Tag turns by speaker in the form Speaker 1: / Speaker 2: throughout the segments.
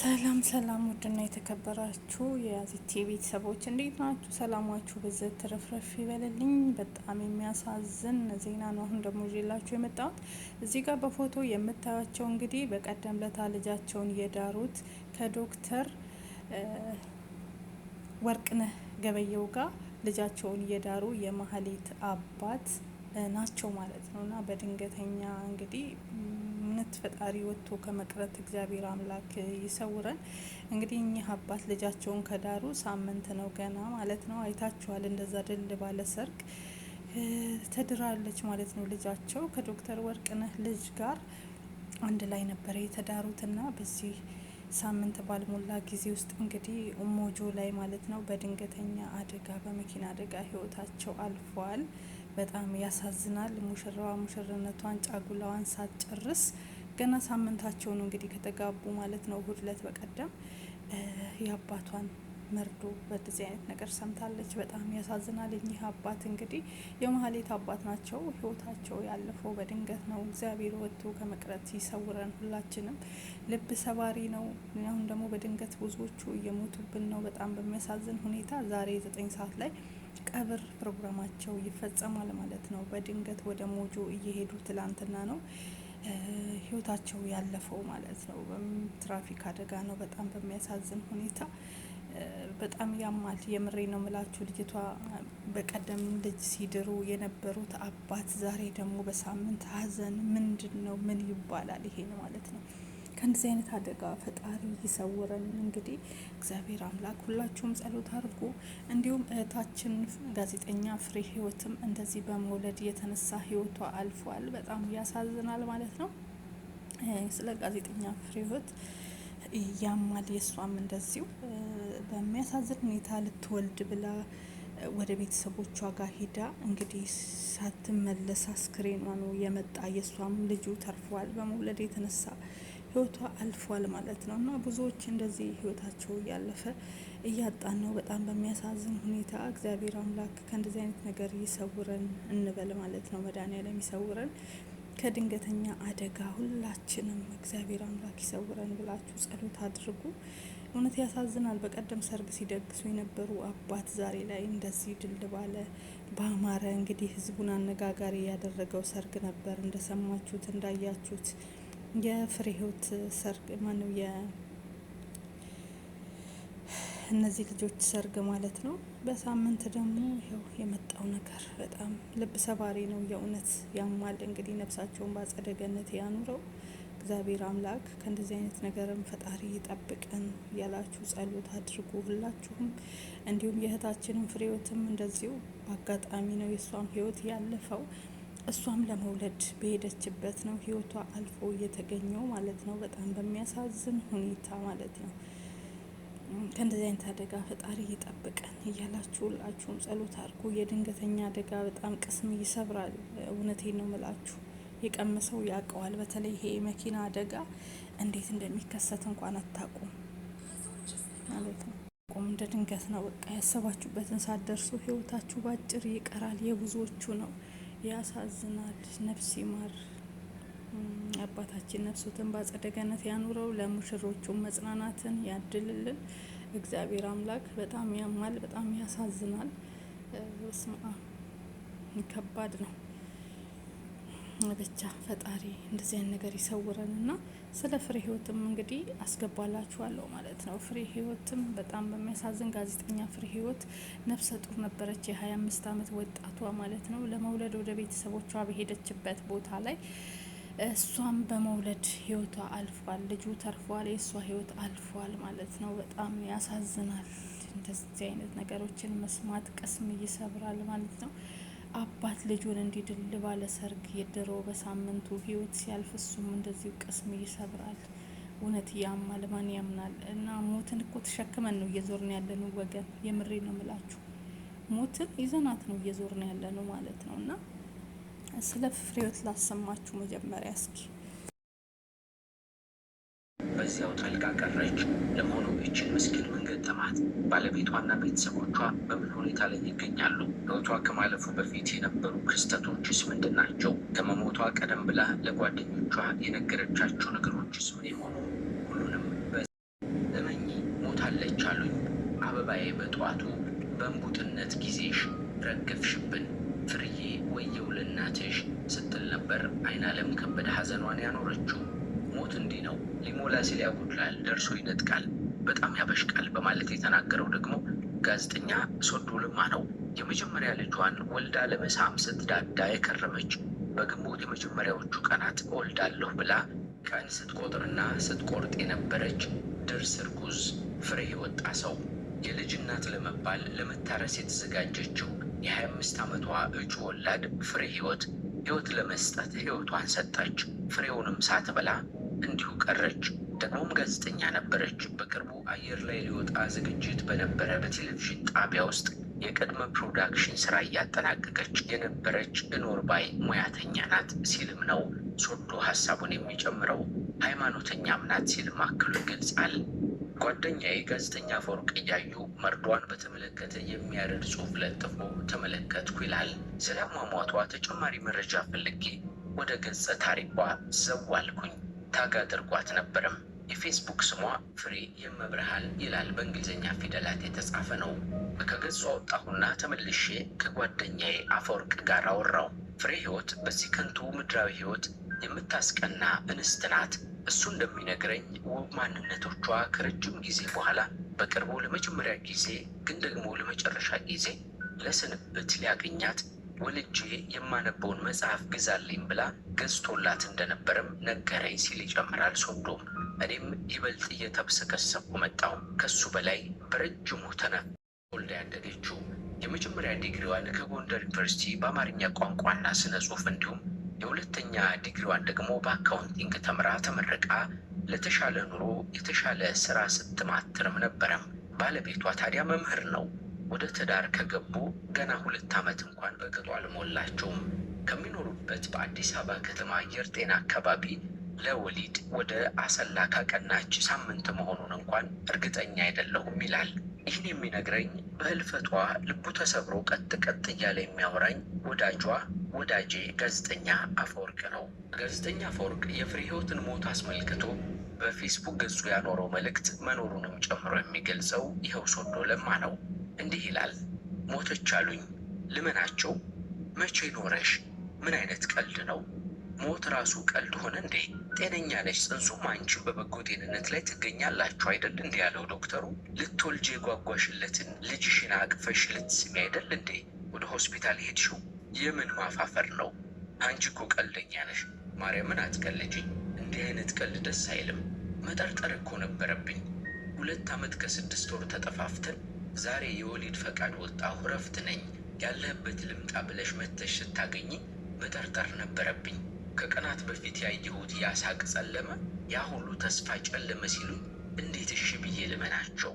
Speaker 1: ሰላም ሰላም፣ ውድና የተከበራችሁ የያዚቲ ቤተሰቦች እንዴት ናችሁ? ሰላማችሁ ብዝት ትረፍረፍ ይበልልኝ። በጣም የሚያሳዝን ዜና ነው። አሁን ደግሞ ይዤላችሁ የመጣሁት እዚህ ጋር በፎቶ የምታያቸው እንግዲህ በቀደም ለታ ልጃቸውን የዳሩት ከዶክተር ወርቅነህ ገበየው ጋር ልጃቸውን የዳሩ የማህሌት አባት ናቸው ማለት ነው እና በድንገተኛ እንግዲህ ከመቅረት ፈጣሪ ወጥቶ ከመቅረት እግዚአብሔር አምላክ ይሰውረን። እንግዲህ እኚህ አባት ልጃቸውን ከዳሩ ሳምንት ነው ገና ማለት ነው። አይታችኋል፣ እንደዛ ድል ባለ ሰርግ ተድራለች ማለት ነው። ልጃቸው ከዶክተር ወርቅነህ ልጅ ጋር አንድ ላይ ነበረ የተዳሩትና በዚህ ሳምንት ባልሞላ ጊዜ ውስጥ እንግዲህ ሞጆ ላይ ማለት ነው በድንገተኛ አደጋ በመኪና አደጋ ህይወታቸው አልፏል። በጣም ያሳዝናል። ሙሽራዋ ሙሽርነቷን ጫጉላዋን ሳትጨርስ ገና ሳምንታቸው ነው እንግዲህ ከተጋቡ ማለት ነው። እሁድ ዕለት በቀደም የአባቷን መርዶ በዚህ አይነት ነገር ሰምታለች። በጣም ያሳዝናል። እኚህ አባት እንግዲህ የመሀሌት አባት ናቸው። ህይወታቸው ያለፈው በድንገት ነው። እግዚአብሔር ወጥቶ ከመቅረት ይሰውረን ሁላችንም። ልብ ሰባሪ ነው። አሁን ደግሞ በድንገት ብዙዎቹ እየሞቱብን ነው በጣም በሚያሳዝን ሁኔታ። ዛሬ ዘጠኝ ሰዓት ላይ ቀብር ፕሮግራማቸው ይፈጸማል ማለት ነው። በድንገት ወደ ሞጆ እየሄዱ ትላንትና ነው ህይወታቸው ያለፈው ማለት ነው። ትራፊክ አደጋ ነው። በጣም በሚያሳዝን ሁኔታ በጣም ያማል። የምሬ ነው ምላችሁ። ልጅቷ በቀደም ልጅ ሲድሩ የነበሩት አባት ዛሬ ደግሞ በሳምንት ሀዘን ምንድን ነው? ምን ይባላል ይሄን ማለት ነው። ከእንደዚህ አይነት አደጋ ፈጣሪ ይሰውረን። እንግዲህ እግዚአብሔር አምላክ ሁላችሁም ጸሎት አድርጉ። እንዲሁም እህታችን ጋዜጠኛ ፍሬ ህይወትም እንደዚህ በመውለድ የተነሳ ህይወቷ አልፏል። በጣም ያሳዝናል ማለት ነው። ስለ ጋዜጠኛ ፍሬ ህይወት ያማል። የእሷም እንደዚሁ በሚያሳዝን ሁኔታ ልትወልድ ብላ ወደ ቤተሰቦቿ ጋር ሂዳ እንግዲህ ሳትመለስ አስክሬኗ ነው የመጣ። የእሷም ልጁ ተርፏል በመውለድ የተነሳ ህይወቷ አልፏል ማለት ነው። እና ብዙዎች እንደዚህ ህይወታቸው እያለፈ እያጣን ነው በጣም በሚያሳዝን ሁኔታ። እግዚአብሔር አምላክ ከእንደዚህ አይነት ነገር ይሰውረን እንበል ማለት ነው። መድኃኒዓለም ይሰውረን ከድንገተኛ አደጋ ሁላችንም እግዚአብሔር አምላክ ይሰውረን ብላችሁ ጸሎት አድርጉ። እውነት ያሳዝናል። በቀደም ሰርግ ሲደግሱ የነበሩ አባት ዛሬ ላይ እንደዚህ ድል ባለ በአማረ እንግዲህ ህዝቡን አነጋጋሪ ያደረገው ሰርግ ነበር እንደሰማችሁት እንዳያችሁት የፍሬ ህይወት ሰርግ ማነው እነዚህ ልጆች ሰርግ ማለት ነው። በሳምንት ደግሞ ይኸው የመጣው ነገር በጣም ልብ ሰባሪ ነው። የእውነት ያማል። እንግዲህ ነፍሳቸውን በአጸደ ገነት ያኑረው እግዚአብሔር አምላክ ከእንደዚህ አይነት ነገርም ፈጣሪ ይጠብቀን ያላችሁ ጸሎት አድርጉ ሁላችሁም። እንዲሁም የእህታችንን ፍሬ ህይወትም እንደዚሁ በአጋጣሚ ነው የእሷም ህይወት ያለፈው እሷም ለመውለድ በሄደችበት ነው ህይወቷ አልፎ እየተገኘው ማለት ነው። በጣም በሚያሳዝን ሁኔታ ማለት ነው። ከእንደዚህ አይነት አደጋ ፈጣሪ ይጠብቀን እያላችሁ ሁላችሁም ጸሎት አድርጉ። የድንገተኛ አደጋ በጣም ቅስም ይሰብራል። እውነቴ ነው ምላችሁ የቀመሰው ያውቀዋል። በተለይ ይሄ የመኪና አደጋ እንዴት እንደሚከሰት እንኳን አታቁም ማለት ነው። እንደ ድንገት ነው በቃ ያሰባችሁበትን ሳትደርሱ ህይወታችሁ ባጭር ይቀራል። የብዙዎቹ ነው። ያሳዝናል። ነፍስ ይማር። አባታችን ነፍሶትን በአጸደ ገነት ያኑረው። ለሙሽሮቹ መጽናናትን ያድልልን እግዚአብሔር አምላክ። በጣም ያማል፣ በጣም ያሳዝናል። ስማ ከባድ ነው። ብቻ ፈጣሪ እንደዚህ አይነት ነገር ይሰውረን እና ስለ ፍሬ ህይወትም እንግዲህ አስገባላችኋለሁ ማለት ነው። ፍሬ ህይወትም በጣም በሚያሳዝን ጋዜጠኛ ፍሬ ህይወት ነፍሰ ጡር ነበረች። የሀያ አምስት አመት ወጣቷ ማለት ነው። ለመውለድ ወደ ቤተሰቦቿ በሄደችበት ቦታ ላይ እሷም በመውለድ ህይወቷ አልፏል። ልጁ ተርፏል፣ የእሷ ህይወት አልፏል ማለት ነው። በጣም ያሳዝናል። እንደዚህ አይነት ነገሮችን መስማት ቅስም ይሰብራል ማለት ነው። አባት ልጁን እንዲድል ባለ ሰርግ የድሮ በሳምንቱ ህይወት ሲያልፍ እሱም እንደዚሁ ቅስም ይሰብራል። እውነት ያማል፣ ማን ያምናል? እና ሞትን እኮ ተሸክመን ነው እየዞርን ያለ ነው ወገን፣ የምሬ ነው ምላችሁ። ሞትን ይዘናት ነው እየዞርን ያለ ነው ማለት ነው። እና ስለ ፍሬህይወት ላሰማችሁ መጀመሪያ እስኪ በዚያው ጠልቃ ቀረች። ለመሆኑ እችን ምስኪን ምን ገጠማት? ባለቤቷና ቤተሰቦቿ በምን ሁኔታ ላይ ይገኛሉ? ህይወቷ ከማለፉ በፊት የነበሩ ክስተቶችስ ምንድን ናቸው? ከመሞቷ ቀደም ብላ ለጓደኞቿ የነገረቻቸው ነገሮችስ ምን የሆኑ? ሁሉንም በዘመኝ ሞታለች አሉኝ። አበባዬ በጠዋቱ በእንቡጥነት ጊዜሽ
Speaker 2: ረገፍሽብን ፍርዬ፣ ወየው ልናትሽ ስትል ነበር አይናለም ከበደ ሀዘኗን ያኖረችው። ያየሁት እንዲህ ነው። ሊሞላ ሲል ያጎድላል፣ ደርሶ ይነጥቃል፣ በጣም ያበሽቃል በማለት የተናገረው ደግሞ ጋዜጠኛ ሶዶ ለማ ነው። የመጀመሪያ ልጇን ወልዳ ለመሳም ስትዳዳ የከረመች በግንቦት የመጀመሪያዎቹ ቀናት እወልዳለሁ ብላ ቀን ስትቆጥርና ስትቆርጥ የነበረች ድርስ እርጉዝ ፍሬ የወጣ ሰው የልጅ እናት ለመባል ለመታረስ የተዘጋጀችው የ25 ዓመቷ እጩ ወላድ ፍሬ ህይወት ህይወት ለመስጠት ህይወቷን ሰጠች። ፍሬውንም ሳትበላ እንዲሁ ቀረች። ደግሞም ጋዜጠኛ ነበረች። በቅርቡ አየር ላይ ሊወጣ ዝግጅት በነበረ በቴሌቪዥን ጣቢያ ውስጥ የቅድመ ፕሮዳክሽን ስራ እያጠናቀቀች የነበረች እኖር ባይ ሙያተኛ ናት ሲልም ነው ሶዶ ሀሳቡን የሚጨምረው። ሃይማኖተኛም ናት ሲልም አክሎ ይገልጻል። ጓደኛዬ ጋዜጠኛ ፈወርቅ እያዩ መርዷን በተመለከተ የሚያረድ ጽሑፍ ለጥፎ ተመለከትኩ ይላል። ስለ አሟሟቷ ተጨማሪ መረጃ ፈልጌ ወደ ገጸ ታሪኳ ዘዋልኩኝ። ታግ አድርጓት ነበርም። የፌስቡክ ስሟ ፍሬ የመብረሃል ይላል በእንግሊዝኛ ፊደላት የተጻፈ ነው። ከገጹ አወጣሁና ተመልሼ ከጓደኛዬ አፈወርቅ ጋር አወራው። ፍሬ ህይወት በዚህ ከንቱ ምድራዊ ህይወት የምታስቀና እንስት ናት። እሱ እንደሚነግረኝ ውብ ማንነቶቿ ከረጅም ጊዜ በኋላ በቅርቡ ለመጀመሪያ ጊዜ ግን ደግሞ ለመጨረሻ ጊዜ ለስንብት ሊያገኛት ወልጄ የማነበውን መጽሐፍ ግዛልኝ ብላ ገዝቶላት እንደነበረም ነገረኝ ሲል ይጨምራል ሶዶም። እኔም ይበልጥ እየተብሰከሰኩ መጣው ከሱ በላይ በረጅሙ ተነ ወልዳ ያደገችው የመጀመሪያ ዲግሪዋን ከጎንደር ዩኒቨርሲቲ በአማርኛ ቋንቋና ስነ ጽሁፍ እንዲሁም የሁለተኛ ዲግሪዋን ደግሞ በአካውንቲንግ ተምራ ተመረቃ ለተሻለ ኑሮ የተሻለ ስራ ስትማትርም ነበረም። ባለቤቷ ታዲያ መምህር ነው። ወደ ትዳር ከገቡ ገና ሁለት ዓመት እንኳን በቅጡ አልሞላቸውም። ከሚኖሩበት በአዲስ አበባ ከተማ አየር ጤና አካባቢ ለወሊድ ወደ አሰላ ካቀናች ሳምንት መሆኑን እንኳን እርግጠኛ አይደለሁም ይላል። ይህን የሚነግረኝ በህልፈቷ ልቡ ተሰብሮ ቀጥ ቀጥ እያለ የሚያወራኝ ወዳጇ ወዳጄ ጋዜጠኛ አፈወርቅ ነው። ጋዜጠኛ አፈወርቅ የፍሬ ህይወትን ሞት አስመልክቶ በፌስቡክ ገጹ ያኖረው መልእክት መኖሩንም ጨምሮ የሚገልጸው ይኸው ሶዶ ለማ ነው። እንዲህ ይላል፣ ሞተች አሉኝ። ልመናቸው መቼ ኖረሽ? ምን አይነት ቀልድ ነው? ሞት ራሱ ቀልድ ሆነ እንዴ? ጤነኛ ነሽ፣ ጽንሱም አንቺም በበጎ ጤንነት ላይ ትገኛላችሁ አይደል? እንዲህ ያለው ዶክተሩ ልትወልጅ የጓጓሽለትን ልጅሽን አቅፈሽ ልትስሚ አይደል እንዴ ወደ ሆስፒታል ሄድሽው? የምን ማፋፈር ነው? አንቺ እኮ ቀልደኛ ነሽ። ማርያምን አትቀልጅኝ። እንዲህ አይነት ቀልድ ደስ አይልም። መጠርጠር እኮ ነበረብኝ። ሁለት ዓመት ከስድስት ወር ተጠፋፍተን ዛሬ የወሊድ ፈቃድ ወጣሁ እረፍት ነኝ ያለህበት ልምጣ ብለሽ መተሽ ስታገኝ መጠርጠር ነበረብኝ። ከቀናት በፊት ያየሁት ያሳቅ ጸለመ፣ ያ ሁሉ ተስፋ ጨለመ ሲሉ እንዴት እሺ ብዬ ልመናቸው?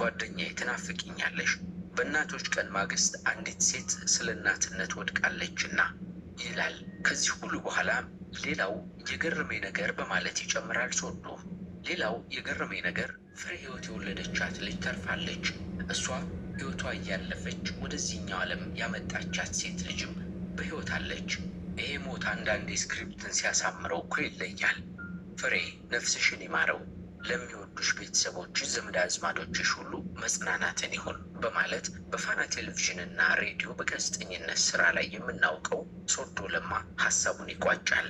Speaker 2: ጓደኛዬ ትናፍቅኛለሽ። በእናቶች ቀን ማግስት አንዲት ሴት ስለ እናትነት ወድቃለችና ይላል። ከዚህ ሁሉ በኋላ ሌላው የገረመኝ ነገር በማለት ይጨምራል ሶዶ። ሌላው የገረመኝ ነገር ፍሬ ሕይወት የወለደቻት ልጅ ተርፋለች። እሷ ህይወቷ እያለፈች ወደዚህኛው ዓለም ያመጣቻት ሴት ልጅም በህይወት አለች። ይሄ ሞት አንዳንዴ ስክሪፕትን ሲያሳምረው እኮ ይለያል። ፍሬ ነፍስሽን ይማረው፣ ለሚወዱሽ ቤተሰቦች ዘመድ አዝማዶችሽ ሁሉ መጽናናትን ይሁን በማለት በፋና ቴሌቪዥንና ሬዲዮ በጋዜጠኝነት ስራ ላይ የምናውቀው ሶዶ ለማ ሀሳቡን ይቋጫል።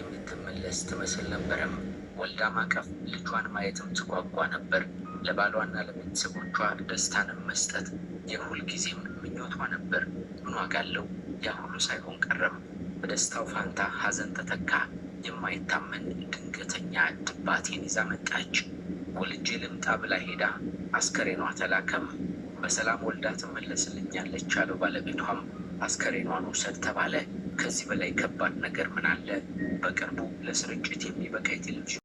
Speaker 2: የምትመለስ ትመስል ነበረም። ወልዳ ማቀፍ ልጇን ማየትም ትጓጓ ነበር። ለባሏና ለቤተሰቦቿ ደስታን መስጠት የሁል ጊዜም ምኞቷ ነበር። ምን ዋጋለው ያ ሁሉ ሳይሆን ቀረም። በደስታው ፋንታ ሀዘን ተተካ። የማይታመን ድንገተኛ ድባቴን ይዛ መጣች። ወልጄ ልምጣ ብላ ሄዳ አስከሬኗ ተላከም። በሰላም ወልዳ ትመለስልኛለች አለው ባለቤቷም። አስከሬኗን ውሰድ ተባለ። ከዚህ በላይ ከባድ ነገር ምን አለ? በቅርቡ ለስርጭት የሚበቃ የቴሌቪዥን